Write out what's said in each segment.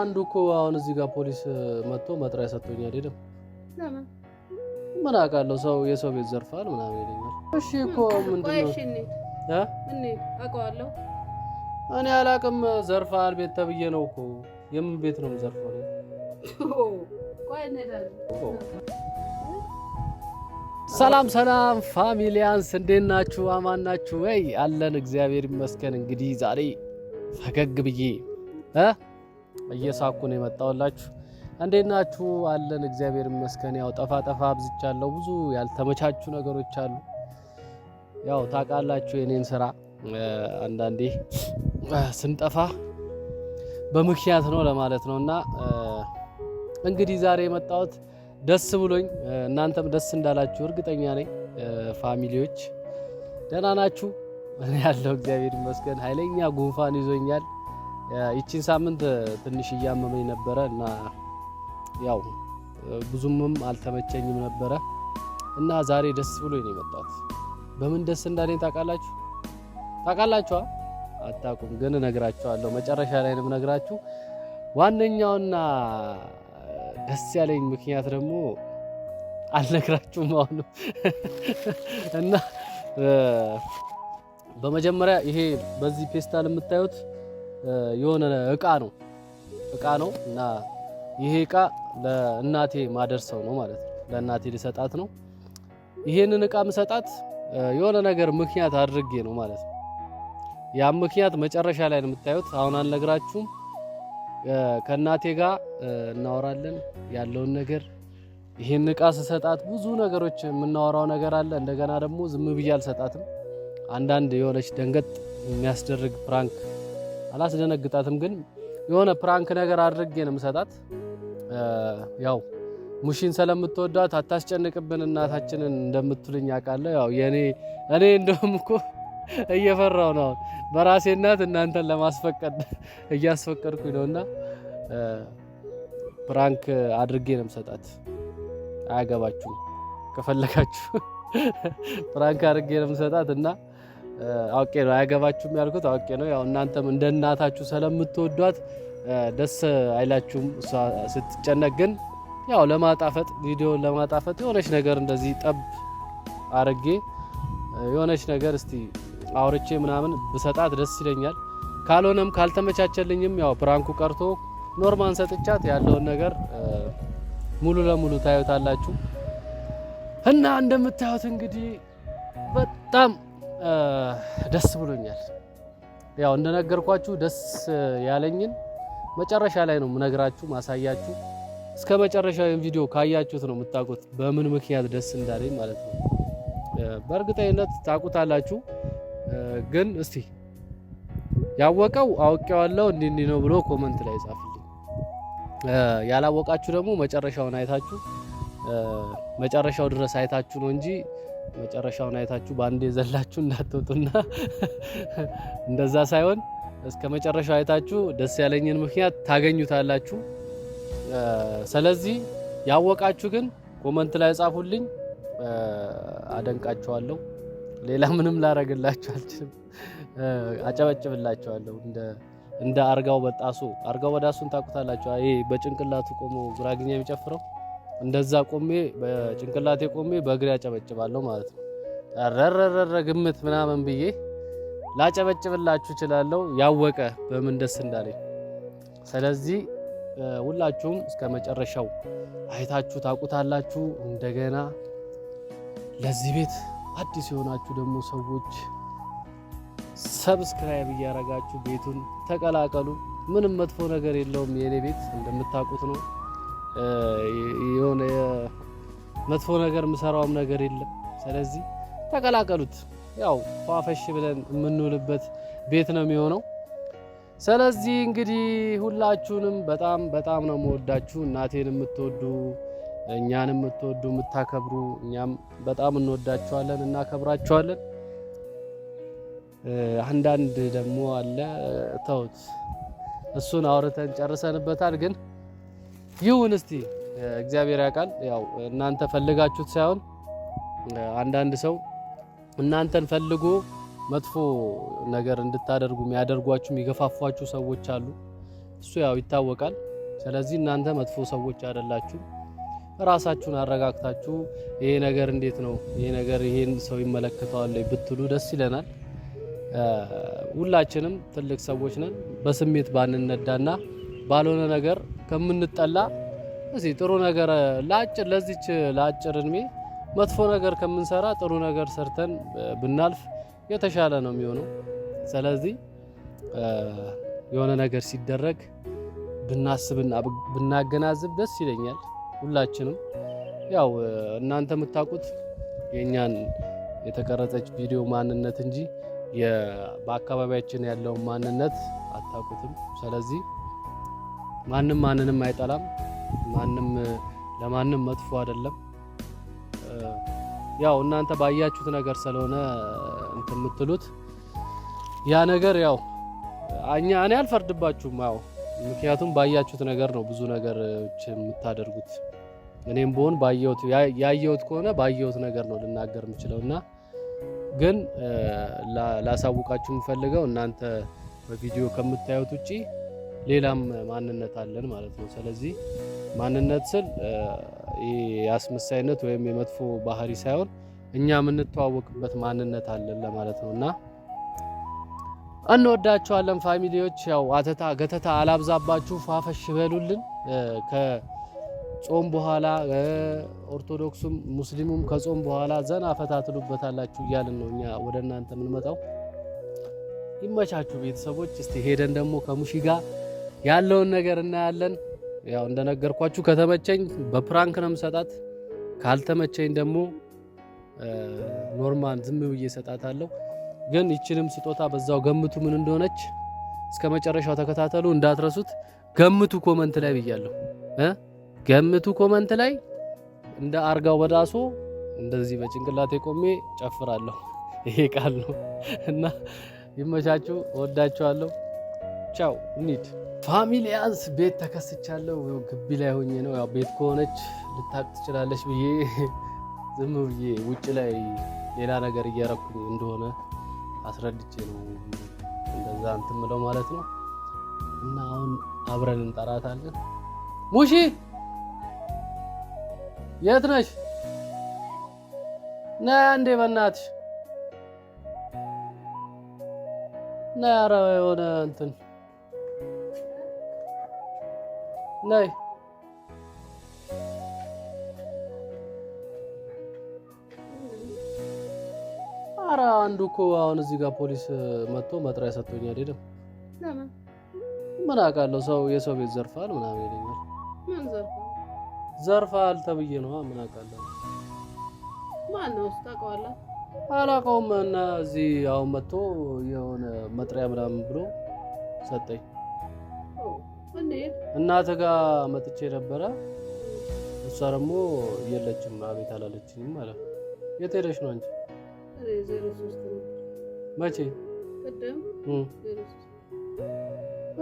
አንዱ እኮ አሁን እዚህ ጋር ፖሊስ መጥቶ መጥሪያ ሰጥቶኛል። አይደለም ምን አውቃለሁ፣ ሰው የሰው ቤት ዘርፋል ምናምን ይለኛል። እሺ እኮ ምንድን ነው እኔ አላውቅም። ዘርፋል ቤት ተብዬ ነው እኮ። የምን ቤት ነው ዘርፋል? ሰላም ሰላም ፋሚሊያንስ እንዴት ናችሁ? አማን ናችሁ ወይ? አለን እግዚአብሔር ይመስገን። እንግዲህ ዛሬ ፈገግ ብዬ እየሳኩ ነው የመጣውላችሁ። እንዴት ናችሁ? አለን እግዚአብሔር ይመስገን። ያው ጠፋ ጠፋ አብዝቻለሁ። ብዙ ያልተመቻቹ ነገሮች አሉ። ያው ታውቃላችሁ የኔን ስራ አንዳንዴ ስንጠፋ በምክንያት ነው ለማለት ነው። እና እንግዲህ ዛሬ የመጣሁት ደስ ብሎኝ እናንተም ደስ እንዳላችሁ እርግጠኛ ነኝ። ፋሚሊዎች ደህና ናችሁ? እኔ ያለው እግዚአብሔር ይመስገን። ኃይለኛ ጉንፋን ይዞኛል። ይቺን ሳምንት ትንሽ እያመመኝ ነበረ እና ያው ብዙምም አልተመቸኝም ነበረ እና ዛሬ ደስ ብሎ ነው የመጣሁት። በምን ደስ እንዳለኝ ታውቃላችሁ? ታውቃላችኋ? አታውቁም፣ ግን እነግራችኋለሁ። መጨረሻ ላይ ነግራችሁ ዋነኛውና ደስ ያለኝ ምክንያት ደግሞ አልነግራችሁም አሁን እና በመጀመሪያ ይሄ በዚህ ፌስታል የምታዩት የሆነ እቃ ነው እቃ ነው እና ይሄ እቃ ለእናቴ ማደርሰው ነው ማለት ነው። ለእናቴ ሊሰጣት ነው። ይሄንን እቃ ምሰጣት የሆነ ነገር ምክንያት አድርጌ ነው ማለት ነው። ያም ምክንያት መጨረሻ ላይ ነው የምታዩት። አሁን አልነግራችሁም። ከእናቴ ጋር እናወራለን ያለውን ነገር ይሄን እቃ ስሰጣት ብዙ ነገሮች የምናወራው ነገር አለ። እንደገና ደግሞ ዝም ብዬ አልሰጣትም። አንዳንድ የሆነች ደንገጥ የሚያስደርግ ፕራንክ አላስደነግጣትም፣ ግን የሆነ ፕራንክ ነገር አድርጌ ነው የምሰጣት። ያው ሙሽን ስለምትወዳት አታስጨንቅብን እናታችንን እንደምትሉኝ አውቃለሁ። ያው የኔ እኔ እንደውም እኮ እየፈራው ነው በራሴ እናት እናንተን ለማስፈቀድ እያስፈቀድኩኝ ነውና ፕራንክ አድርጌ ነው የምሰጣት። አያገባችሁም፣ ከፈለጋችሁ ፕራንክ አድርጌ ነው የምሰጣት እና አውቄ ነው አያገባችሁም ያልኩት አውቄ ነው። ያው እናንተም እንደ እናታችሁ ስለምትወዷት ደስ አይላችሁም እሷ ስትጨነቅ። ግን ያው ለማጣፈጥ ቪዲዮን ለማጣፈጥ የሆነች ነገር እንደዚህ ጠብ አርጌ የሆነች ነገር እስቲ አውርቼ ምናምን ብሰጣት ደስ ይለኛል። ካልሆነም ካልተመቻቸልኝም ያው ፕራንኩ ቀርቶ ኖርማን ሰጥቻት ያለውን ነገር ሙሉ ለሙሉ ታዩታላችሁ እና እንደምታዩት እንግዲህ በጣም ደስ ብሎኛል። ያው እንደነገርኳችሁ ደስ ያለኝን መጨረሻ ላይ ነው ምነግራችሁ ማሳያችሁ። እስከ መጨረሻው ቪዲዮ ካያችሁት ነው የምታውቁት በምን ምክንያት ደስ እንዳለኝ ማለት ነው። በእርግጠኝነት ታውቁታላችሁ፣ ግን እስቲ ያወቀው አውቄዋለሁ እንዲህ እንዲህ ነው ብሎ ኮመንት ላይ ጻፍልኝ። ያላወቃችሁ ደግሞ መጨረሻውን አይታችሁ መጨረሻው ድረስ አይታችሁ ነው እንጂ መጨረሻውን አይታችሁ በአንዴ ዘላችሁ እንዳትወጡና እንደዛ ሳይሆን እስከ መጨረሻው አይታችሁ ደስ ያለኝን ምክንያት ታገኙታላችሁ። ስለዚህ ያወቃችሁ ግን ኮመንት ላይ ጻፉልኝ፣ አደንቃችኋለሁ። ሌላ ምንም ላረግላችሁ አልችልም፣ አጨበጭብላችኋለሁ። እንደ እንደ አርጋው በጣሱ አርጋው በዳሱን ታውቁታላችሁ። ይሄ በጭንቅላቱ ቆሞ ጉራግኛ የሚጨፍረው እንደዛ ቆሜ በጭንቅላቴ ቆሜ በእግሬ አጨበጭባለሁ ማለት ነው። ረረረረ ግምት ምናምን ብዬ ላጨበጭብላችሁ እችላለሁ። ያወቀ በምን ደስ እንዳለኝ። ስለዚህ ሁላችሁም እስከ መጨረሻው አይታችሁ ታውቁታላችሁ። እንደገና ለዚህ ቤት አዲስ የሆናችሁ ደግሞ ሰዎች ሰብስክራይብ እያረጋችሁ ቤቱን ተቀላቀሉ። ምንም መጥፎ ነገር የለውም። የኔ ቤት እንደምታውቁት ነው። የሆነ መጥፎ ነገር የምሰራውም ነገር የለም። ስለዚህ ተቀላቀሉት። ያው ፏፈሽ ብለን የምንውልበት ቤት ነው የሚሆነው። ስለዚህ እንግዲህ ሁላችሁንም በጣም በጣም ነው የምወዳችሁ። እናቴን የምትወዱ እኛን የምትወዱ የምታከብሩ፣ እኛም በጣም እንወዳችኋለን፣ እናከብራችኋለን። አንዳንድ ደግሞ አለ ተውት፣ እሱን አውርተን ጨርሰንበታል ግን ይሁን እስቲ እግዚአብሔር ያውቃል። ያው እናንተ ፈልጋችሁት ሳይሆን አንዳንድ ሰው እናንተን ፈልጎ መጥፎ ነገር እንድታደርጉ የሚያደርጓችሁ የሚገፋፏችሁ ሰዎች አሉ። እሱ ያው ይታወቃል። ስለዚህ እናንተ መጥፎ ሰዎች አይደላችሁ። ራሳችሁን አረጋግታችሁ ይሄ ነገር እንዴት ነው ይሄ ነገር ይሄን ሰው ይመለከተዋል ብትሉ ደስ ይለናል። ሁላችንም ትልቅ ሰዎች ነን። በስሜት ባንነዳና ባልሆነ ነገር ከምንጠላ እዚህ ጥሩ ነገር ለአጭር ለዚች ለአጭር እድሜ መጥፎ ነገር ከምንሰራ ጥሩ ነገር ሰርተን ብናልፍ የተሻለ ነው የሚሆነው። ስለዚህ የሆነ ነገር ሲደረግ ብናስብና ብናገናዝብ ደስ ይለኛል። ሁላችንም ያው እናንተ የምታውቁት የእኛን የተቀረጸች ቪዲዮ ማንነት እንጂ በአካባቢያችን ያለውን ማንነት አታውቁትም። ስለዚህ ማንም ማንንም አይጠላም። ማንም ለማንም መጥፎ አይደለም። ያው እናንተ ባያችሁት ነገር ስለሆነ እንትን የምትሉት ያ ነገር ያው እኛ እኔ አልፈርድባችሁም። ያው ምክንያቱም ባያችሁት ነገር ነው ብዙ ነገሮች የምታደርጉት። እኔም ብሆን ባየሁት ያየሁት ከሆነ ባየሁት ነገር ነው ልናገር የምችለው እና ግን ላሳውቃችሁ የምፈልገው እናንተ በቪዲዮ ከምታዩት ውጪ ሌላም ማንነት አለን ማለት ነው። ስለዚህ ማንነት ስል የአስመሳይነት ወይም የመጥፎ ባህሪ ሳይሆን እኛ የምንተዋወቅበት ማንነት አለን ለማለት ነው እና እንወዳችኋለን ፋሚሊዎች። ያው አተታ ገተታ አላብዛባችሁ፣ ፏፈሽ በሉልን። ከጾም በኋላ ኦርቶዶክሱም ሙስሊሙም ከጾም በኋላ ዘና ፈታ ትሉበታላችሁ እያልን ነው እኛ ወደ እናንተ የምንመጣው። ይመቻችሁ ቤተሰቦች። እስቲ ሄደን ደግሞ ከሙሺ ጋር ያለውን ነገር እናያለን። ያው እንደነገርኳችሁ ከተመቸኝ በፕራንክ ነው የምሰጣት፣ ካልተመቸኝ ደግሞ ኖርማል ዝም ብዬ እሰጣታለሁ። ግን ይችንም ስጦታ በዛው ገምቱ ምን እንደሆነች እስከ መጨረሻው ተከታተሉ፣ እንዳትረሱት። ገምቱ ኮመንት ላይ ብያለሁ ገምቱ ኮመንት ላይ እንደ አርጋው በዳሶ እንደዚህ በጭንቅላቴ ቆሜ ጨፍራለሁ። ይሄ ቃል ነው እና ይመቻችሁ። ወዳችኋለሁ። ቻው ኒድ ፋሚሊያስ ቤት ተከስቻለሁ። ግቢ ላይ ሆኜ ነው ቤት ከሆነች ልታቅ ትችላለች ብዬ ዝም ብዬ ውጭ ላይ ሌላ ነገር እያረኩኝ እንደሆነ አስረድቼ ነው እንደዛ እንትን ምለው ማለት ነው። እና አሁን አብረን እንጠራታለን። ሙሺ የት ነሽ? ና እንዴ በእናትሽ ና። ኧረ የሆነ እንትን ነይ አረ አንዱ እኮ አሁን እዚህ ጋር ፖሊስ መጥቶ መጥሪያ ሰጥቶኛል። አይደለም ምን አውቃለሁ፣ ሰው የሰው ቤት ዘርፋል ምናምን ይለኛል። ዘርፋል? ተብዬ ነዋ። ምን አውቃለሁ። አላውቀውም። እና እዚህ አሁን መጥቶ የሆነ መጥሪያ ምናምን ብሎ ሰጠኝ። እናት ጋር መጥቼ ነበረ። እሷ ደግሞ የለችም፣ አቤት አላለችኝም ማለት ነው። የት ሄደሽ ነው አንቺ? መቼ?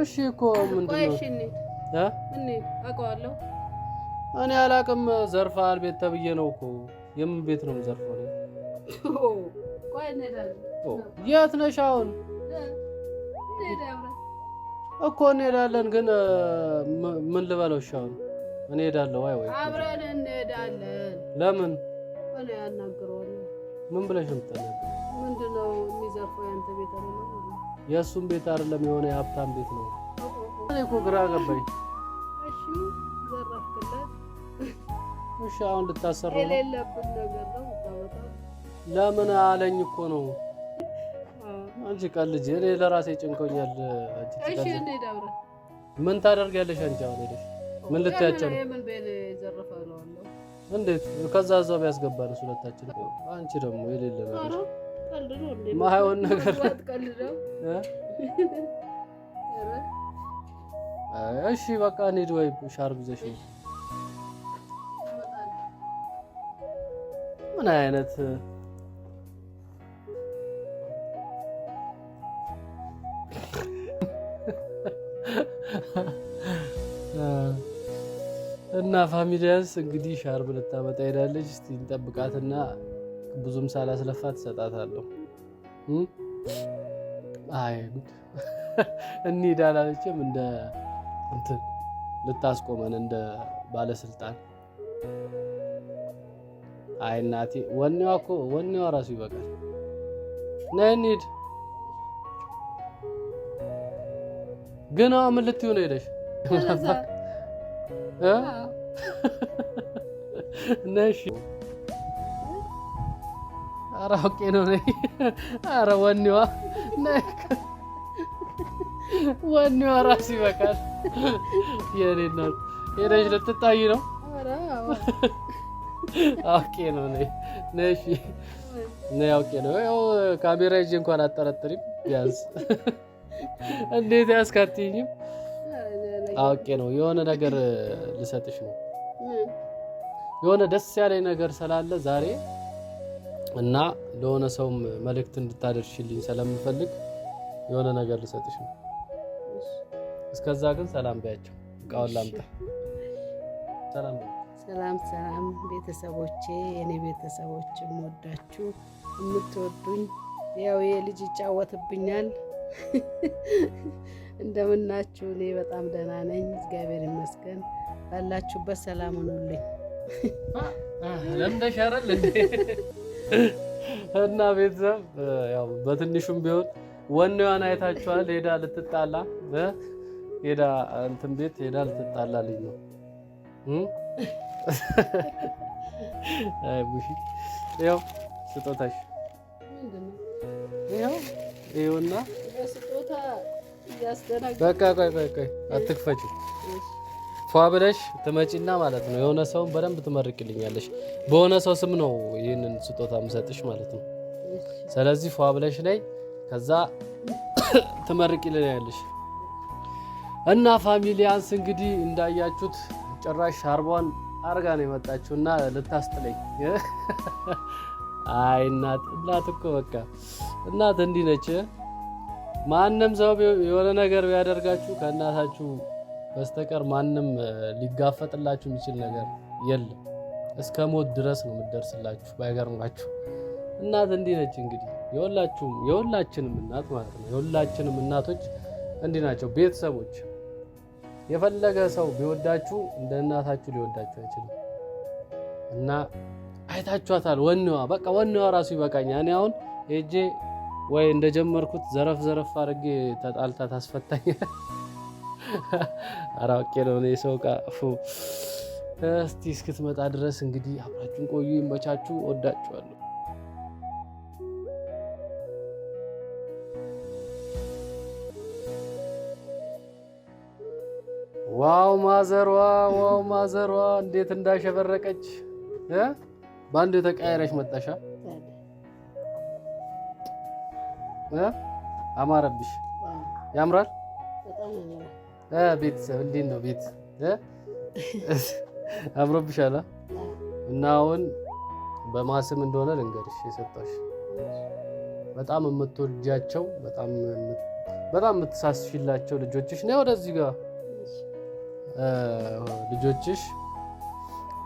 እሺ እኮ ምንድን እኔ አላቅም። ዘርፋል ቤት ተብዬ ነው እኮ። የምን ቤት ነው ዘርፋው? የት ነሽ አሁን? እኮ እንሄዳለን፣ ግን ምን ልበለው? እሺ አሁን እንሄዳለሁ። አይ ወይ አብረን እንሄዳለን። ለምን እኔ ያናግረዋል። ምን ብለሽ ነው የምትጠናገረው? ምንድን ነው የሚዘርፈው? ያንተ ቤት አይደለም፣ የእሱም ቤት አይደለም፣ የሆነ የሀብታም ቤት ነው። እኔ እኮ ግራ ገባኝ። እሺ ዘረፍክለት። እሺ አሁን ልታሰራው ነው። ለምን አለኝ እኮ ነው አንቺ ቃል ልጅ እኔ ለራሴ ጭንቆኛል። አንቺ ምን ታደርጊያለሽ? አንቺ አሁን ሄደሽ ምን ነው? እንዴት ከዛ እዛው ያስገባል ሁለታችን። አንቺ ደግሞ የሌለ ነገር ማይሆን ነገር እሺ በቃ እንሂድ ወይ ሻርብ ይዘሽ ምን አይነት ፋሚሊያንስ እንግዲህ ሻርብ ልታመጣ ሄዳለች። እስቲ እንጠብቃትና ብዙም ሳላስለፋ ትሰጣታለሁ። አይ እንሂድ አላለችም። እንደ እንትን ልታስቆመን እንደ ባለስልጣን። አይ እናቴ ወኔዋ እኮ ወኔዋ ራሱ ይበቃል። ነይ እንሂድ። ግን ምን ልትሆን ሄደሽ ነሽ ኧረ አውቄ ነው ነይ ኧረ ወኔዋ ወኔዋ እራሱ ይበቃል የኔ እናት ሄደሽ ልትታይ ነው አውቄ ነው ነይ ነሽ ነይ አውቄ ነው ያው ካሜራ ይዤ እንኳን አጠረጥሪም ቢያንስ እንዴት ያስካትኝም አውቄ ነው የሆነ ነገር ልሰጥሽ ነው የሆነ ደስ ያለኝ ነገር ስላለ ዛሬ እና ለሆነ ሰውም መልእክት እንድታደርሽልኝ ስለምፈልግ የሆነ ነገር ልሰጥሽ ነው። እስከዛ ግን ሰላም ቢያቸው እቃውን ላምጣ። ሰላም ሰላም ሰላም፣ ቤተሰቦቼ የኔ ቤተሰቦች፣ የምወዳችሁ የምትወዱኝ፣ ያው የልጅ ይጫወትብኛል። እንደምናችሁ? እኔ በጣም ደህና ነኝ፣ እግዚአብሔር ይመስገን። ባላችሁበት ሰላም ሁኑልኝ። ለምደሻረል እና ቤተሰብ ያው በትንሹም ቢሆን ወኔዋን አይታችኋል። ሄዳ ልትጣላ ሄዳ እንትን ቤት ሄዳ ልትጣላ ልጅ ነው ያው ስጦታሽ ይኸው ይኸውና፣ በቃ ቆይ ቆይ ቆይ አትክፈችው። ፏብለሽ ብለሽ ትመጪና ማለት ነው የሆነ ሰውን በደንብ ትመርቅልኛለሽ። በሆነ ሰው ስም ነው ይህንን ስጦታ ምሰጥሽ ማለት ነው። ስለዚህ ፏብለሽ ላይ ከዛ ትመርቅልኛለሽ እና ፋሚሊያንስ እንግዲህ እንዳያችሁት ጭራሽ አርቧን አርጋ ነው የመጣችሁ እና ልታስጥለኝ። አይ እናት እናት እኮ በቃ እናት እንዲህ ነች። ማንም ሰው የሆነ ነገር ቢያደርጋችሁ ከእናታችሁ በስተቀር ማንም ሊጋፈጥላችሁ የሚችል ነገር የለም። እስከ ሞት ድረስ ነው የምደርስላችሁ ባይገርማችሁ እናት እንዲህ ነች። እንግዲህ የሁላችሁም የሁላችንም እናት ማለት ነው። የሁላችንም እናቶች እንዲህ ናቸው። ቤተሰቦች፣ የፈለገ ሰው ቢወዳችሁ እንደ እናታችሁ ሊወዳችሁ አይችልም። እና አይታችኋታል። ወኔዋ በቃ ወኔዋ ራሱ ይበቃኛል። እኔ አሁን ሄጄ ወይ እንደጀመርኩት ዘረፍ ዘረፍ አድርጌ ተጣልታ ታስፈታኛል። አራቄ ነው እኔ ሰው ቃፉ እስቲ እስክትመጣ ድረስ እንግዲህ አብራችሁን ቆዩ። ይመቻችሁ። ወዳችኋለሁ። ዋው ማዘሯ፣ ዋው ማዘሯ እንዴት እንዳሸበረቀች በአንድ የተቀያየረች መጣሻ አማረብሽ። ያምራል። ቤተሰብ እንዴት ነው? ቤት አምሮብሻላ? እና አሁን በማስም እንደሆነ ልንገርሽ የሰጣሽ በጣም የምትወልጃቸው በጣም በጣም የምትሳስሽላቸው ልጆችሽ ነው። ወደዚህ ጋር ልጆችሽ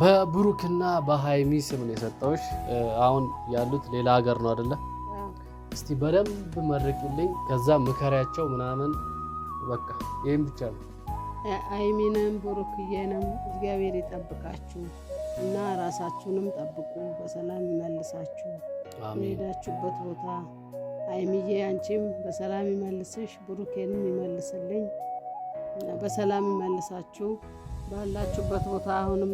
በብሩክና በሀይሚ ስም ነው የሰጠውሽ። አሁን ያሉት ሌላ ሀገር ነው አይደለ? እስቲ በደንብ መርቅልኝ ከዛ ምከሪያቸው ምናምን በቃ ይህም ብቻ ነው። አይሚንም ብሩክዬንም እግዚአብሔር ይጠብቃችሁ እና ራሳችሁንም ጠብቁ፣ በሰላም ይመልሳችሁ የሄዳችሁበት ቦታ። አይሚዬ አንቺም በሰላም ይመልስሽ፣ ብሩኬንም ይመልስልኝ፣ በሰላም ይመልሳችሁ ባላችሁበት ቦታ። አሁንም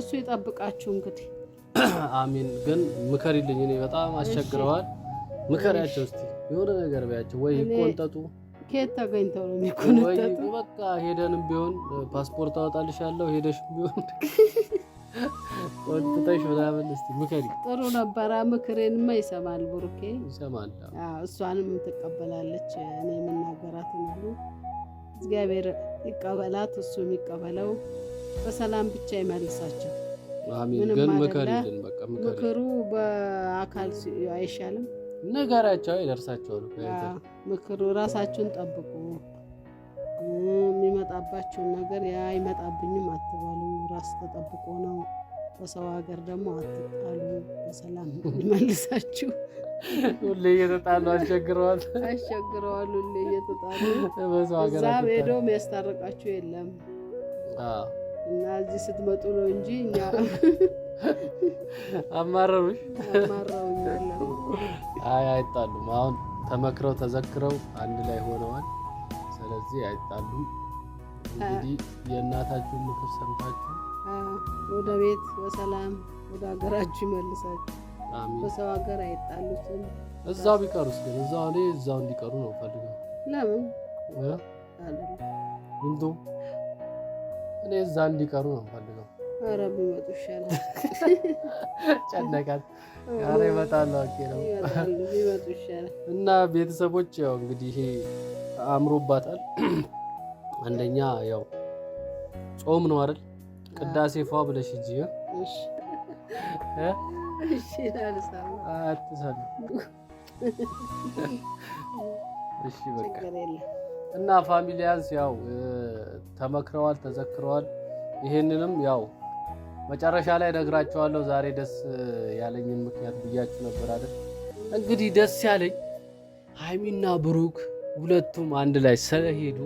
እሱ ይጠብቃችሁ። እንግዲህ አሚን። ግን ምከሪልኝ፣ እኔ በጣም አስቸግረዋል። ምከሪያቸው እስቲ የሆነ ነገር ቢያቸው ወይ ይቆንጠጡ ከየት ተገኝተው ነው የሚኮነጠጡ? በቃ ሄደንም ቢሆን ፓስፖርት አወጣልሻለሁ ሄደሽ ቢሆን ምናምን እስኪ ምከሪ። ጥሩ ነበረ። ምክሬንማ ይሰማል ብሩኬ ይሰማል። እሷንም ትቀበላለች። እኔ የምናገራት ሁሉ እግዚአብሔር ይቀበላት፣ በሰላም ብቻ ይመልሳቸው። ምንም ምክሩ በአካል አይሻልም። ነገራቸው ይደርሳቸዋል። ምክሩ ራሳችሁን ጠብቁ። የሚመጣባቸውን ነገር ያ አይመጣብኝም አትበሉ። ራስ ተጠብቆ ነው። በሰው ሀገር ደግሞ አትጣሉ። በሰላም መልሳችሁ። ሁሌ እየተጣሉ አስቸግረዋል፣ አስቸግረዋል። ሁሌ እየተጣሉ እዛ ሄዶ የሚያስታርቃችሁ የለም እና እዚህ ስትመጡ ነው እንጂ እኛ አማረሩሽ? አይ አይጣሉም። አሁን ተመክረው ተዘክረው አንድ ላይ ሆነዋል። ስለዚህ አይጣሉም። እንግዲህ የእናታችሁን ምክር ሰምታችሁ ወደ ቤት በሰላም ወደ ሀገራችሁ ይመልሳችሁ። በሰው ሀገር አይጣሉትም። እዛው ቢቀሩስ ግን እዛው እኔ እዛው እንዲቀሩ ነው ፈልገው። ለምን እንዶ እኔ እዛ እንዲቀሩ ነው ፈልገው ቢመጡ ይሻላል። ጨነቃት። ይመጣሉ። አውቄ ነው ቢመጡ ይሻላል። እና ቤተሰቦች ያው እንግዲህ አምሮባታል። አንደኛ ያው ጾም ነው አይደል? ቅዳሴ ፏ ብለሽ እንጂ እሺ በቃ እና ፋሚሊያንስ ያው ተመክረዋል፣ ተዘክረዋል። ይሄንንም ያው መጨረሻ ላይ ነግራቸዋለሁ። ዛሬ ደስ ያለኝን ምክንያት ብያችሁ ነበር አይደል? እንግዲህ ደስ ያለኝ ሀይሚና ብሩክ ሁለቱም አንድ ላይ ስለሄዱ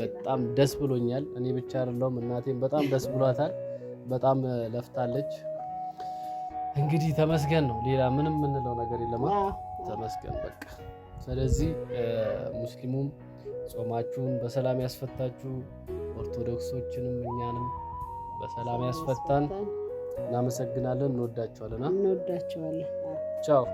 በጣም ደስ ብሎኛል። እኔ ብቻ አይደለሁም፣ እናቴም በጣም ደስ ብሏታል። በጣም ለፍታለች። እንግዲህ ተመስገን ነው። ሌላ ምንም የምንለው ነገር የለም። ተመስገን በቃ። ስለዚህ ሙስሊሙም ጾማችሁን በሰላም ያስፈታችሁ፣ ኦርቶዶክሶችንም እኛንም በሰላም ያስፈታን። እናመሰግናለን። እንወዳቸዋለን እንወዳቸዋለን። ቻው